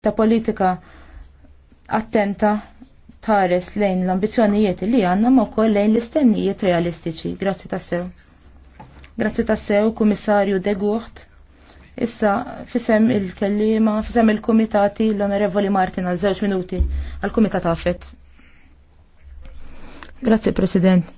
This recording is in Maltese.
ta' politika attenta tħares lejn l-ambizjonijiet li għanna ma' kol lejn l-istennijiet realistiċi. Grazzi tassew. Grazzi tassew, kummissarju De Gucht. Issa, fisem il-kellima, fisem il-komitati l-onorevoli Martin għal żewġ minuti għal-komitat għafet. Grazzi, President.